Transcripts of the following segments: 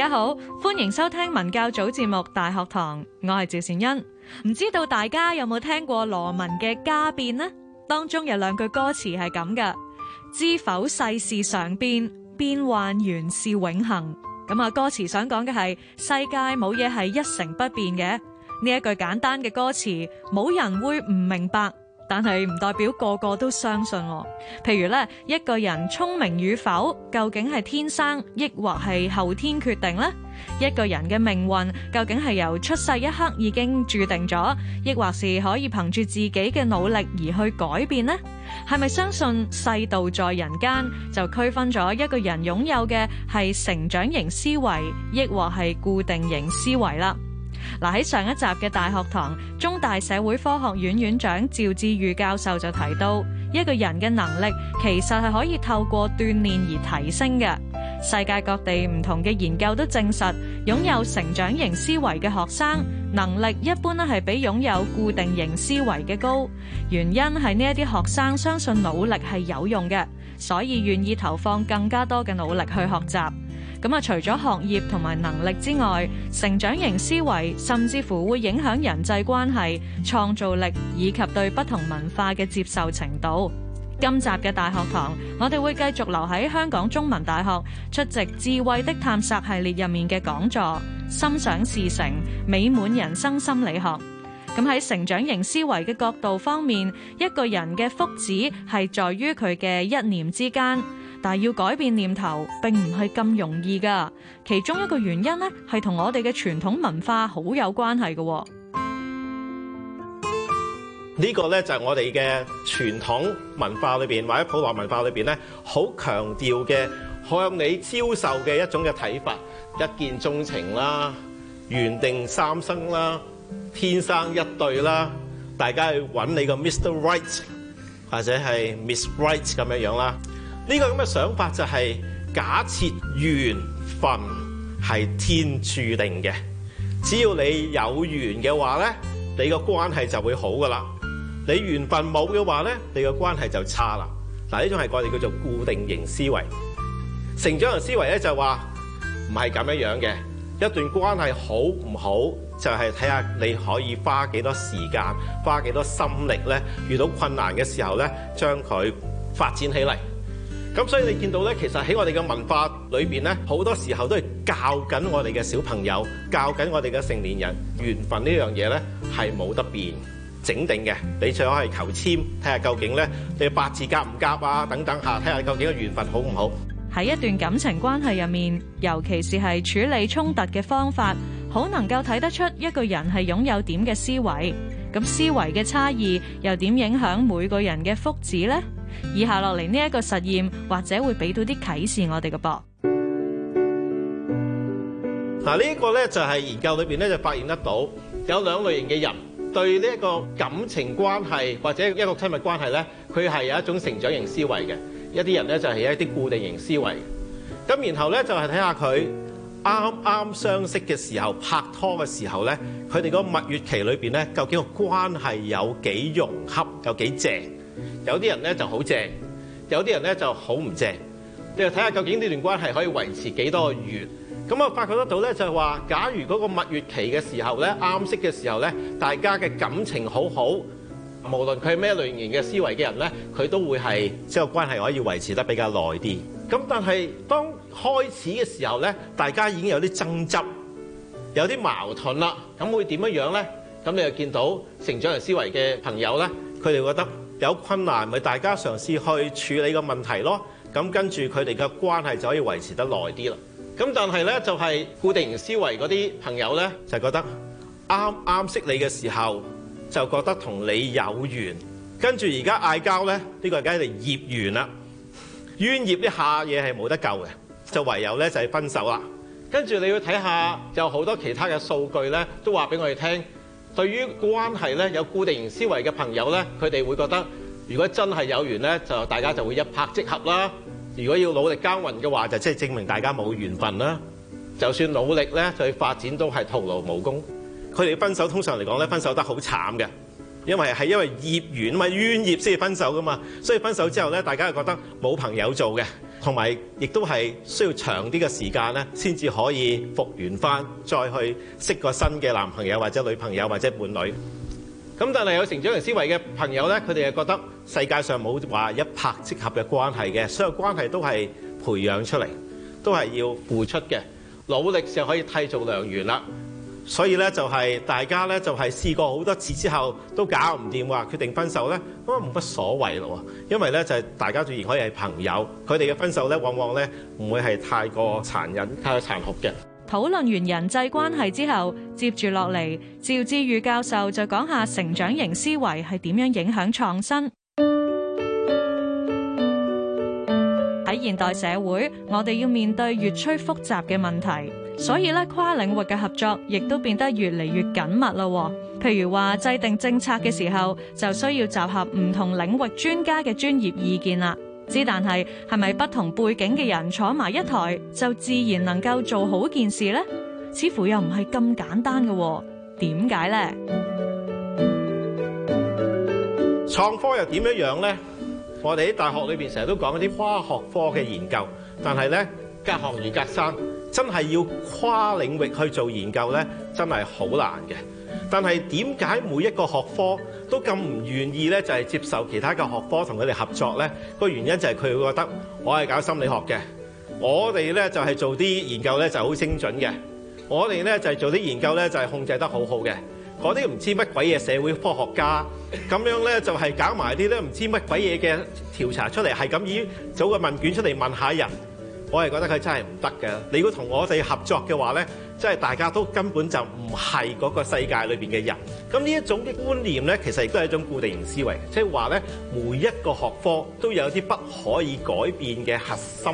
大家好，歡迎收聽文教組節目《大學堂》，我係趙善恩。唔知道大家有冇聽過羅文嘅《家變》呢？當中有兩句歌詞係咁嘅：知否世事常變，變幻原是永恆。咁啊，歌詞想講嘅係世界冇嘢係一成不變嘅。呢一句簡單嘅歌詞，冇人會唔明白。但係唔代表個個都相信喎、哦。譬如咧，一個人聰明與否，究竟係天生，抑或係後天決定呢？一個人嘅命運，究竟係由出世一刻已經注定咗，抑或是可以憑住自己嘅努力而去改變呢？係咪相信世道在人間，就區分咗一個人擁有嘅係成長型思維，抑或係固定型思維啦？嗱，喺上一集嘅大學堂，中大社會科學院院長趙志宇教授就提到，一個人嘅能力其實係可以透過鍛煉而提升嘅。世界各地唔同嘅研究都證實，擁有成長型思維嘅學生能力一般咧係比擁有固定型思維嘅高。原因係呢一啲學生相信努力係有用嘅，所以願意投放更加多嘅努力去學習。咁啊，除咗學業同埋能力之外，成長型思維甚至乎會影響人際關係、創造力以及對不同文化嘅接受程度。今集嘅大學堂，我哋會繼續留喺香港中文大學出席《智慧的探索》系列入面嘅講座《心想事成，美滿人生心理學》。咁喺成長型思維嘅角度方面，一個人嘅福祉係在於佢嘅一念之間。但係要改變念頭，並唔係咁容易噶。其中一個原因咧，係同我哋嘅傳統文化好有關係噶。呢個咧就係我哋嘅傳統文化裏邊或者普羅文化裏邊咧，好強調嘅向你招受嘅一種嘅睇法：一見鍾情啦，緣定三生啦，天生一對啦，大家去揾你個 Mr. Right 或者係 Miss Right 咁樣樣啦。呢個咁嘅想法就係、是、假設緣分係天注定嘅，只要你有緣嘅話呢，你個關係就會好噶啦。你緣分冇嘅話呢，你個關係就差啦。嗱，呢種係我哋叫做固定型思維。成長型思維咧就話唔係咁樣樣嘅，一段關係好唔好就係睇下你可以花幾多時間、花幾多心力呢，遇到困難嘅時候呢，將佢發展起嚟。咁所以你見到咧，其實喺我哋嘅文化裏邊咧，好多時候都係教緊我哋嘅小朋友，教緊我哋嘅成年人，緣分呢樣嘢咧係冇得變，整定嘅。你最好係求籤，睇下究竟咧你八字夾唔夾啊等等嚇，睇下究竟個緣分好唔好。喺一段感情關係入面，尤其是係處理衝突嘅方法，好能夠睇得出一個人係擁有點嘅思維。咁思維嘅差異又點影響每個人嘅福祉咧？以下落嚟呢一個實驗，或者會俾到啲啟示我哋嘅噃。嗱，呢一個咧就係研究裏邊呢，就發現得到，有兩類型嘅人對呢一個感情關係或者一個親密關係呢，佢係有一種成長型思維嘅；一啲人呢，就係有一啲固定型思維。咁然後呢，就係睇下佢啱啱相識嘅時候、拍拖嘅時候呢，佢哋個蜜月期裏邊呢，究竟個關係有幾融洽、有幾正？有啲人咧就好正，有啲人咧就好唔正。你又睇下究竟呢段關係可以維持幾多個月？咁我發覺得到咧，就係話，假如嗰個蜜月期嘅時候咧，啱識嘅時候咧，大家嘅感情好好，無論佢係咩類型嘅思維嘅人咧，佢都會係，即係、嗯就是、關係可以維持得比較耐啲。咁但係當開始嘅時候咧，大家已經有啲爭執，有啲矛盾啦。咁會點樣樣咧？咁你又見到成長型思維嘅朋友咧，佢哋覺得。有困難咪大家嘗試去處理個問題咯，咁跟住佢哋嘅關係就可以維持得耐啲啦。咁但係呢，就係、是、固定思維嗰啲朋友呢，就覺得啱啱識你嘅時候就覺得同你有緣，跟住而家嗌交呢，呢、這個梗係孽緣啦，冤孽一下嘢係冇得救嘅，就唯有呢就係分手啦。跟住你要睇下有好多其他嘅數據呢，都話俾我哋聽。對於關係咧有固定型思維嘅朋友咧，佢哋會覺得如果真係有緣咧，就大家就會一拍即合啦；如果要努力耕耘嘅話，就即係證明大家冇緣分啦。就算努力咧，對發展都係徒勞無功。佢哋分手通常嚟講咧，分手得好慘嘅，因為係因為業緣啊嘛，冤業先至分手㗎嘛，所以分手之後咧，大家就覺得冇朋友做嘅。同埋，亦都係需要長啲嘅時間咧，先至可以復原翻，再去識個新嘅男朋友或者女朋友或者伴侶。咁但係有成長型思維嘅朋友呢，佢哋係覺得世界上冇話一拍即合嘅關係嘅，所有關係都係培養出嚟，都係要付出嘅，努力就可以締造良緣啦。所以咧，就係大家咧，就係試過好多次之後都搞唔掂，話決定分手咧，咁啊冇乜所謂咯喎。因為咧，就係大家仍然可以係朋友，佢哋嘅分手咧，往往咧唔會係太過殘忍、太過殘酷嘅。討論完人際關係之後，接住落嚟，趙志宇教授就講下成長型思維係點樣影響創新。喺現代社會，我哋要面對越趨複雜嘅問題。所以咧，跨領域嘅合作亦都變得越嚟越緊密咯。譬如話，制定政策嘅時候，就需要集合唔同領域專家嘅專業意見啦。之但係，係咪不,不同背景嘅人坐埋一台就自然能夠做好件事呢？似乎又唔係咁簡單嘅。點解呢？創科又點樣樣呢？我哋喺大學裏邊成日都講一啲跨學科嘅研究，但係呢，隔學如隔山。真係要跨領域去做研究呢，真係好難嘅。但係點解每一個學科都咁唔願意呢？就係接受其他嘅學科同佢哋合作呢。個原因就係佢會覺得我係搞心理學嘅，我哋呢，就係做啲研究呢就好精準嘅，我哋呢，就係做啲研究呢，就係控制得好好嘅。嗰啲唔知乜鬼嘢社會科學家咁樣呢，就係搞埋啲呢唔知乜鬼嘢嘅調查出嚟，係咁以做個問卷出嚟問下人。我係覺得佢真係唔得嘅。你如果同我哋合作嘅話呢，即係大家都根本就唔係嗰個世界裏邊嘅人。咁呢一種嘅觀念呢，其實亦都係一種固定型思維，即係話呢，每一個學科都有啲不可以改變嘅核心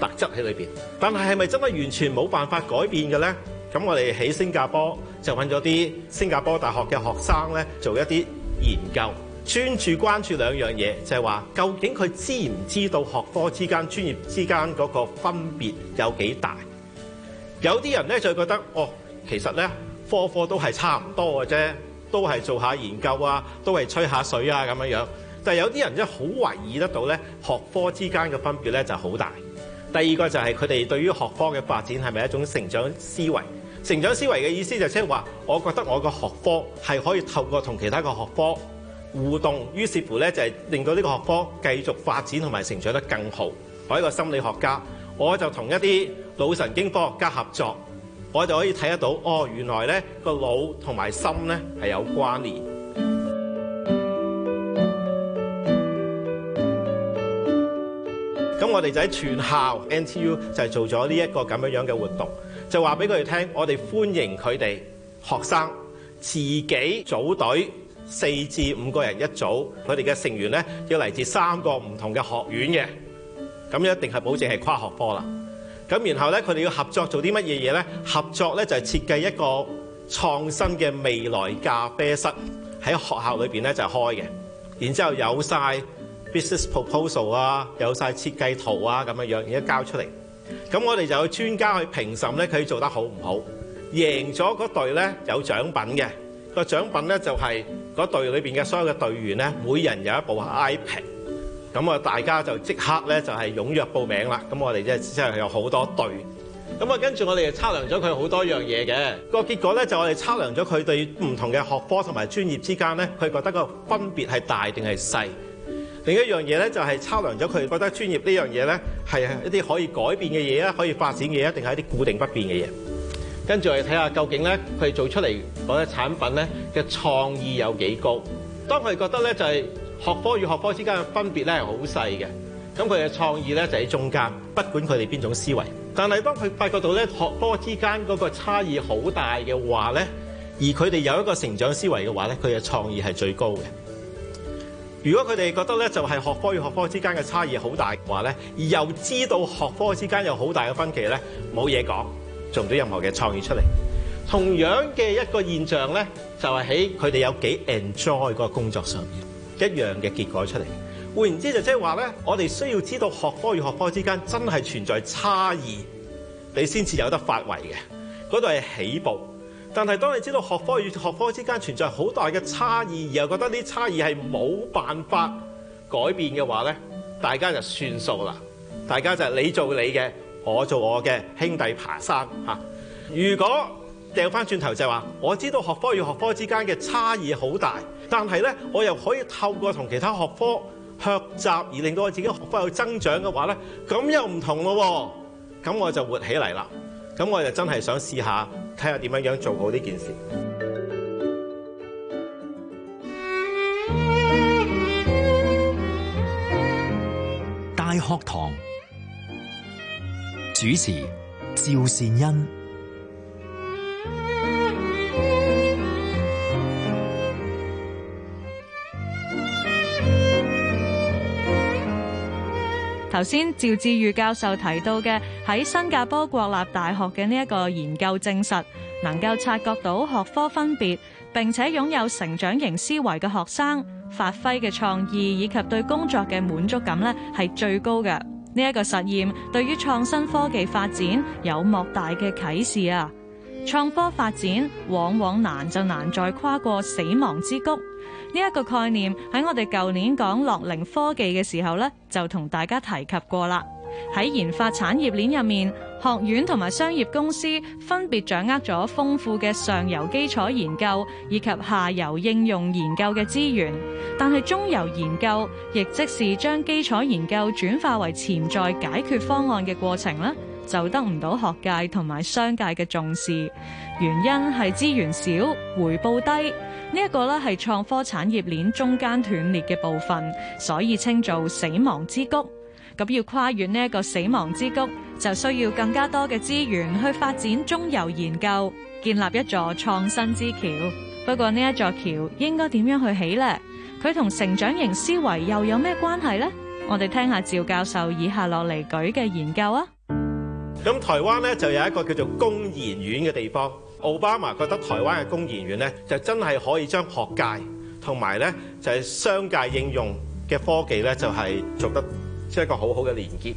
特質喺裏邊。但係係咪真係完全冇辦法改變嘅呢？咁我哋喺新加坡就揾咗啲新加坡大學嘅學生呢，做一啲研究。專注關注兩樣嘢，就係話究竟佢知唔知道學科之間、專業之間嗰個分別有幾大？有啲人咧就覺得哦，其實咧科科都係差唔多嘅啫，都係做下研究啊，都係吹下水啊咁樣樣。但係有啲人咧好懷疑得到咧學科之間嘅分別咧就好大。第二個就係佢哋對於學科嘅發展係咪一種成長思維？成長思維嘅意思就即係話，我覺得我個學科係可以透過同其他個學科互動，於是乎咧就係令到呢個學科繼續發展同埋成長得更好。我一個心理學家，我就同一啲腦神經科學家合作，我就可以睇得到，哦，原來咧個腦同埋心咧係有關聯。咁我哋就喺全校 NTU 就係做咗呢一個咁樣樣嘅活動，就話俾佢哋聽，我哋歡迎佢哋學生自己組隊。四至五個人一組，佢哋嘅成員呢，要嚟自三個唔同嘅學院嘅，咁一定係保證係跨學科啦。咁然後呢，佢哋要合作做啲乜嘢嘢呢？合作呢，就係、是、設計一個創新嘅未來咖啡室喺學校裏邊呢就是、開嘅。然之後有晒 business proposal 啊，有晒設計圖啊咁樣樣，而家交出嚟。咁我哋就有專家去評審呢佢做得好唔好？贏咗嗰隊呢有獎品嘅。個獎品咧就係嗰隊裏邊嘅所有嘅隊員咧，每人有一部 iPad。咁啊，大家就即刻咧就係踴躍報名啦。咁我哋即係有好多隊。咁啊，跟住我哋就測量咗佢好多樣嘢嘅。個結果咧就我哋測量咗佢對唔同嘅學科同埋專業之間咧，佢覺得個分別係大定係細。另一樣嘢咧就係測量咗佢覺得專業呢樣嘢咧係一啲可以改變嘅嘢啊，可以發展嘅嘢，定係一啲固定不變嘅嘢。跟住我哋睇下究竟咧，佢做出嚟嗰啲產品咧嘅創意有幾高？當佢覺得咧就係學科與學科之間嘅分別，咧係好細嘅，咁佢嘅創意咧就喺中間，不管佢哋邊種思維。但係當佢發覺到咧學科之間嗰個差異好大嘅話，咧，而佢哋有一個成長思維嘅話，咧，佢嘅創意係最高嘅。如果佢哋覺得咧就係學科與學科之間嘅差異好大嘅話咧，而又知道學科之間有好大嘅分歧咧，冇嘢講。做唔到任何嘅創意出嚟，同樣嘅一個現象呢，就係喺佢哋有幾 enjoy 嗰個工作上面，一樣嘅結果出嚟。換言之，就即係話呢，我哋需要知道學科與學科之間真係存在差異，你先至有得發圍嘅。嗰度係起步，但係當你知道學科與學科之間存在好大嘅差異，而又覺得呢啲差異係冇辦法改變嘅話呢，大家就算數啦，大家就係你做你嘅。我做我嘅，兄弟爬山嚇、啊。如果掉翻轉頭就話，是，我知道學科與學科之間嘅差異好大，但係呢，我又可以透過同其他學科學習而令到我自己的學科有增長嘅話呢，咁又唔同咯、啊。咁我就活起嚟啦。咁我就真係想試下，睇下點樣樣做好呢件事。大學堂。主持趙善恩。頭先趙志宇教授提到嘅，喺新加坡國立大學嘅呢一個研究證實，能夠察覺到學科分別，並且擁有成長型思維嘅學生，發揮嘅創意以及對工作嘅滿足感咧，係最高嘅。呢一個實驗對於創新科技發展有莫大嘅啟示啊！創科發展往往難就難在跨過死亡之谷。呢一個概念喺我哋舊年講樂齡科技嘅時候咧，就同大家提及過啦。喺研發產業鏈入面，學院同埋商業公司分別掌握咗豐富嘅上游基礎研究以及下游應用研究嘅資源，但係中游研究，亦即是將基礎研究轉化為潛在解決方案嘅過程呢，就得唔到學界同埋商界嘅重視。原因係資源少、回報低，呢一個咧係創科產業鏈中間斷裂嘅部分，所以稱做死亡之谷。咁要跨越呢一個死亡之谷，就需要更加多嘅資源去發展中游研究，建立一座創新之橋。不過呢一座橋應該點樣去起呢？佢同成長型思維又有咩關係呢？我哋聽下趙教授以下落嚟舉嘅研究啊。咁台灣咧就有一個叫做工研院嘅地方。奧巴馬覺得台灣嘅工研院咧就真係可以將學界同埋咧就係、是、商界應用嘅科技咧就係、是、做得。即係一個好好嘅連結，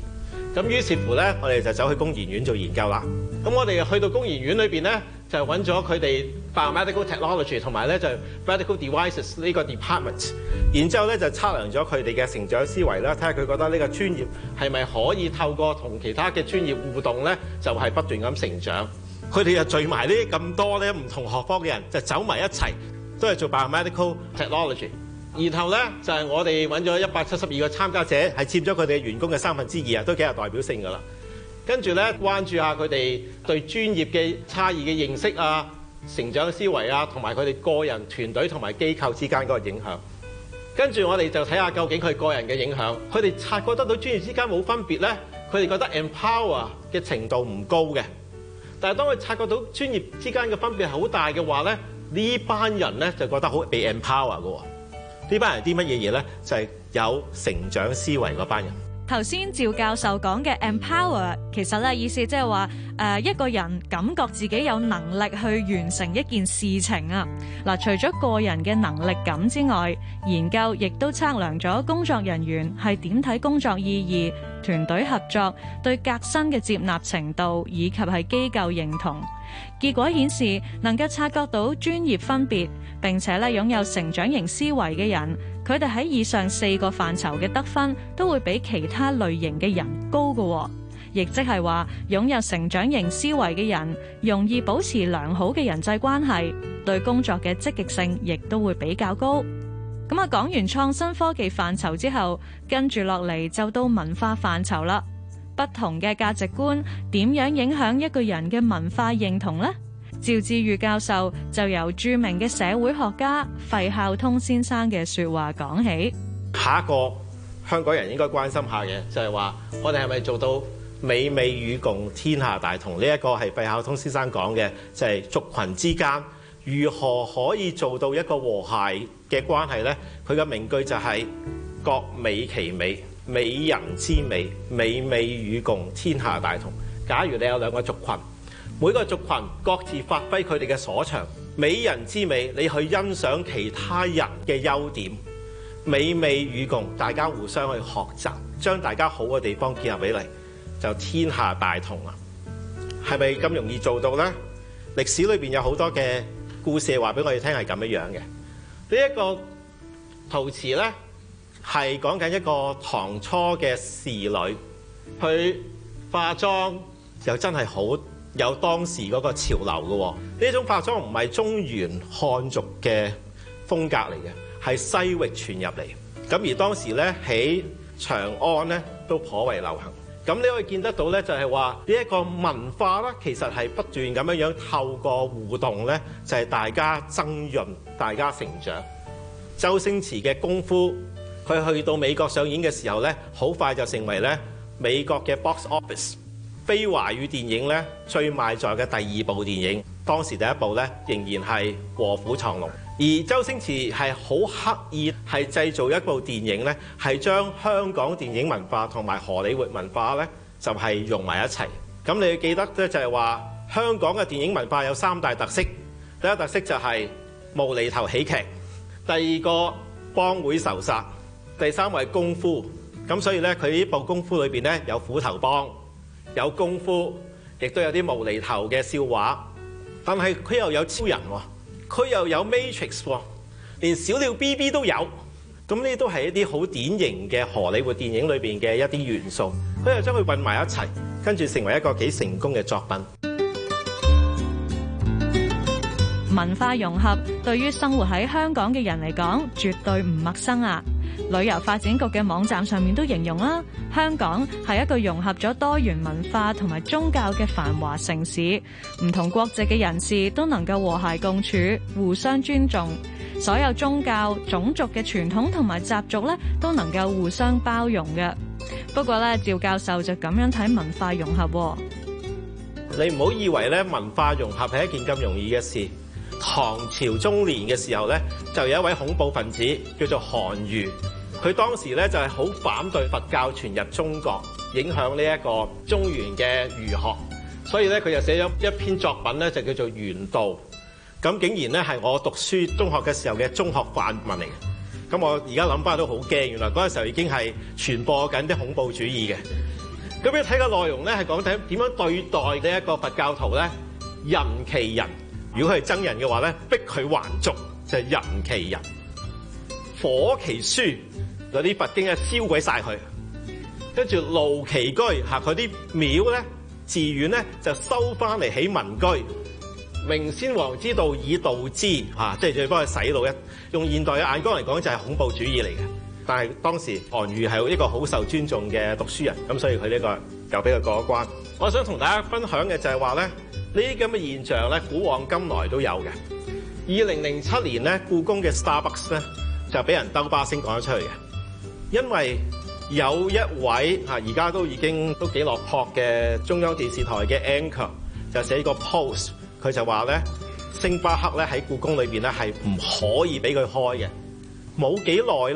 咁於是乎咧，我哋就走去工研院做研究啦。咁我哋去到工研院裏面咧，就揾咗佢哋 Biomedical Technology 同埋咧就係 Medical Devices 呢個 department。然之後咧就測量咗佢哋嘅成長思維啦，睇下佢覺得呢個專業係咪可以透過同其他嘅專業互動咧，就係不斷咁成長。佢哋就聚埋呢咁多咧唔同學科嘅人，就走埋一齊，都係做 Biomedical Technology。然後呢，就係、是、我哋揾咗一百七十二個參加者，係佔咗佢哋嘅員工嘅三分之二啊，都幾有代表性㗎啦。跟住呢，關注下佢哋對專業嘅差異嘅認識啊、成長嘅思維啊，同埋佢哋個人、團隊同埋機構之間嗰個影響。跟住我哋就睇下究竟佢個人嘅影響，佢哋察覺得到專業之間冇分別呢，佢哋覺得 empower 嘅程度唔高嘅。但係當佢察覺到專業之間嘅分別係好大嘅話呢，呢班人呢，就覺得好被 empower 㗎喎。呢班人啲乜嘢嘢咧，就係有成長思維嗰班人。頭先趙教授講嘅 empower 其實咧，意思即係話，呃一個人感覺自己有能力去完成一件事情啊。嗱，呃，除咗個人嘅能力感之外，研究亦都測量咗工作人員係點睇工作意義、團隊合作、對革新嘅接納程度以及係機構認同。結果顯示能夠察覺到專業分別並且咧，擁有成長型思維嘅人。佢哋喺以上四個範疇嘅得分都會比其他類型嘅人高嘅，亦即係話擁有成長型思維嘅人容易保持良好嘅人際關係，對工作嘅積極性亦都會比較高。咁啊，講完創新科技範疇之後，跟住落嚟就到文化範疇啦。不同嘅價值觀點樣影響一個人嘅文化認同咧？趙志宇教授就由著名嘅社會學家費孝通先生嘅說話講起。下一個香港人應該關心一下嘅就係話我哋係咪做到美美與共、天下大同呢？一個係費孝通先生講嘅，就係、是、族群之間如何可以做到一個和諧嘅關係呢？佢嘅名句就係各美其美、美人之美、美美與共、天下大同。假如你有兩個族群。每個族群各自發揮佢哋嘅所長，美人之美，你去欣賞其他人嘅優點，美美與共，大家互相去學習，將大家好嘅地方結合起嚟，就天下大同喇！係咪咁容易做到呢？歷史裏面有好多嘅故事話俾我哋聽係咁樣樣嘅。呢、這、一個陶瓷呢，係講緊一個唐初嘅侍女，佢化妝又真係好。有當時嗰個潮流嘅，哦，呢種化妝唔係中原漢族嘅風格嚟嘅，係西域傳入嚟。咁而當時呢，喺長安呢都頗為流行。咁你可以見得到呢，就係話呢一個文化咧，其實係不斷咁樣樣透過互動呢，就係，是，大家增潤，大家成長。周星馳嘅功夫，佢去到美國上演嘅時候呢，好快就成為呢美國嘅 box office。非華語電影最賣座嘅第二部電影，當時第一部仍然係《卧虎藏龍》，而周星馳係好刻意係製造一部電影咧，係將香港電影文化同埋荷里活文化就係融埋一齊。咁你要記得呢就係話香港嘅電影文化有三大特色，第一特色就係無厘頭喜劇，第二個幫會仇殺，第三位功夫。咁所以呢，佢呢部功夫裏面呢，有斧頭幫。有功夫，亦都有啲無厘頭嘅笑話，但係佢又有超人喎，佢又有 Matrix 喎，連小鳥 BB 都有，咁呢都係一啲好典型嘅荷里活電影裏面嘅一啲元素，佢又將佢混埋一齊，跟住成為一個幾成功嘅作品。文化融合對於生活喺香港嘅人嚟講，絕對唔陌生啊！旅遊發展局嘅網站上面都形容啦、啊，香港係一個融合咗多元文化同埋宗教嘅繁華城市，唔同國籍嘅人士都能夠和諧共處，互相尊重，所有宗教、種族嘅傳統同埋習俗咧都能夠互相包容嘅。不過咧，趙教授就咁樣睇文化融合、啊，你唔好以為咧文化融合係一件咁容易嘅事。唐朝中年嘅時候咧，就有一位恐怖分子叫做韓愈。佢當時咧就係好反對佛教傳入中國，影響呢一個中原嘅儒學，所以咧佢就寫咗一篇作品咧，就叫做《原道》。咁竟然咧係我讀書中學嘅時候嘅中學範文嚟嘅。咁我而家諗翻都好驚，原來嗰陣時候已經係傳播緊啲恐怖主義嘅。咁要睇個內容咧，係講睇點樣對待呢一個佛教徒咧？人其人，如果佢係僧人嘅話咧，逼佢還俗就係、人其人，火其書。嗰啲佛經啊，燒鬼曬佢，跟住路其居嚇佢啲廟咧，寺院咧就收翻嚟起民居。明先王之道以道之嚇，即係最幫佢洗腦，一用現代嘅眼光嚟講，就係恐怖主義嚟嘅。但係當時韓愈係一個好受尊重嘅讀書人，咁所以佢呢個就俾佢過一關。我想同大家分享嘅就係話咧，呢啲咁嘅現象咧，古往今來都有嘅。二零零七年咧，故宮嘅 Starbucks 咧就俾人兜巴星講咗出去嘅。因為有一位啊，而家都已經都幾落魄嘅中央電視台嘅 anchor 就寫個 post，佢就話咧，星巴克咧喺故宮裏邊咧係唔可以俾佢開嘅。冇幾耐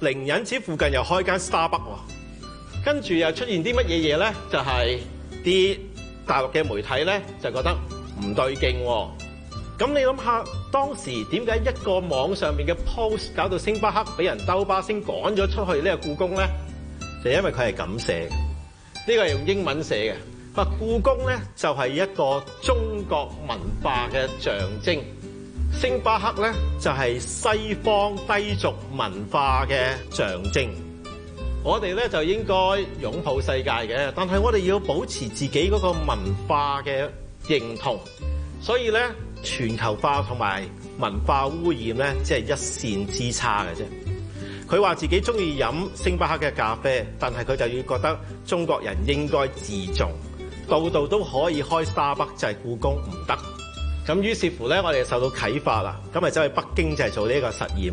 咧，靈隱寺附近又開間 Starbucks 喎。跟住又出現啲乜嘢嘢咧？就係、是、啲大陸嘅媒體咧就覺得唔對勁喎、哦。咁你諗下。當時點解一個網上面嘅 post 搞到星巴克俾人兜巴星趕咗出去呢個故宮咧？就因為佢係咁寫嘅，呢個係用英文寫嘅。咁啊，故宮咧就係一個中國文化嘅象徵，星巴克咧就係西方低俗文化嘅象徵。我哋咧就應該擁抱世界嘅，但係我哋要保持自己嗰個文化嘅認同，所以咧。全球化同埋文化污染呢，即係一綫之差嘅啫。佢話自己中意飲星巴克嘅咖啡，但係佢就要覺得中國人應該自重，度度都可以開沙北就係故宮唔得。咁於是乎呢，我哋受到啟發啦，咁咪走去北京就係做呢個實驗。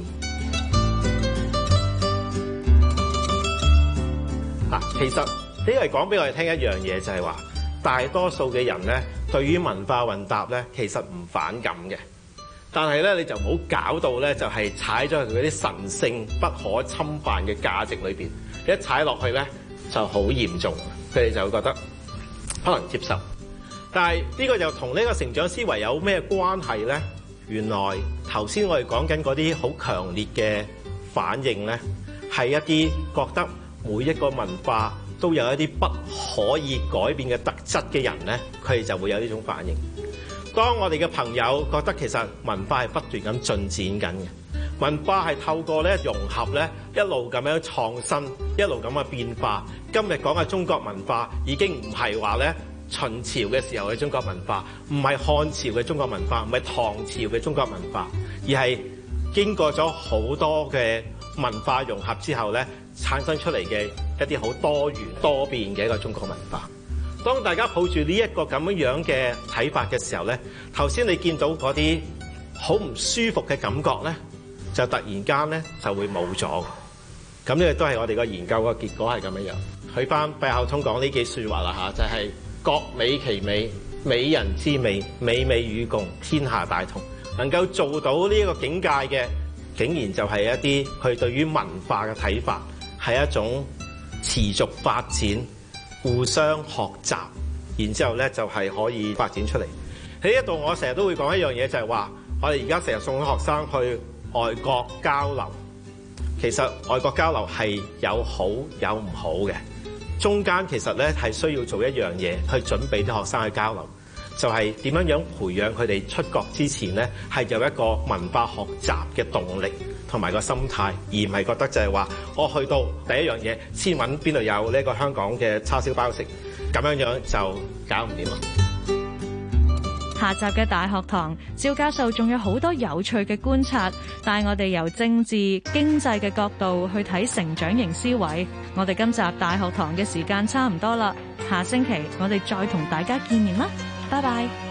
嗱，其實呢個係講俾我哋聽一樣嘢，就係話大多數嘅人呢。對於文化混搭咧，其實唔反感嘅，但係咧你就唔好搞到咧，就係踩咗佢啲神聖不可侵犯嘅價值裏邊，一踩落去咧就好嚴重，佢哋就會覺得不能接受。但係呢個又同呢個成長思維有咩關係咧？原來頭先我哋講緊嗰啲好強烈嘅反應咧，係一啲覺得每一個文化，都有一啲不可以改變嘅特質嘅人呢，佢哋就會有呢種反應。當我哋嘅朋友覺得其實文化係不斷咁進展緊嘅，文化係透過呢融合呢一路咁樣創新，一路咁樣變化。今日講嘅中國文化已經唔係話呢秦朝嘅時候嘅中國文化，唔係漢朝嘅中國文化，唔係唐朝嘅中國文化，而係經過咗好多嘅文化融合之後呢。產生出嚟嘅一啲好多元多變嘅一個中國文化。當大家抱住呢一個咁樣樣嘅睇法嘅時候咧，頭先你見到嗰啲好唔舒服嘅感覺咧，就突然間咧就會冇咗。咁呢個都係我哋個研究個結果係咁樣樣。佢翻費孝通講呢幾說話啦嚇，就係、是、各美其美，美人之美，美美與共，天下大同。能夠做到呢一個境界嘅，竟然就係一啲佢對於文化嘅睇法。係一種持續發展、互相學習，然之後咧就係可以發展出嚟。喺呢一度，我成日都會講一樣嘢，就係話我哋而家成日送啲學生去外國交流，其實外國交流係有好有唔好嘅。中間其實咧係需要做一樣嘢去準備啲學生去交流，就係點樣樣培養佢哋出國之前咧係有一個文化學習嘅動力。同埋個心態，而唔係覺得就係話，我去到第一樣嘢，先揾邊度有呢個香港嘅叉燒包食，咁樣樣就搞唔掂啦。下集嘅大學堂，趙教授仲有好多有趣嘅觀察，帶我哋由政治、經濟嘅角度去睇成長型思維。我哋今集大學堂嘅時間差唔多啦，下星期我哋再同大家見面啦，拜拜。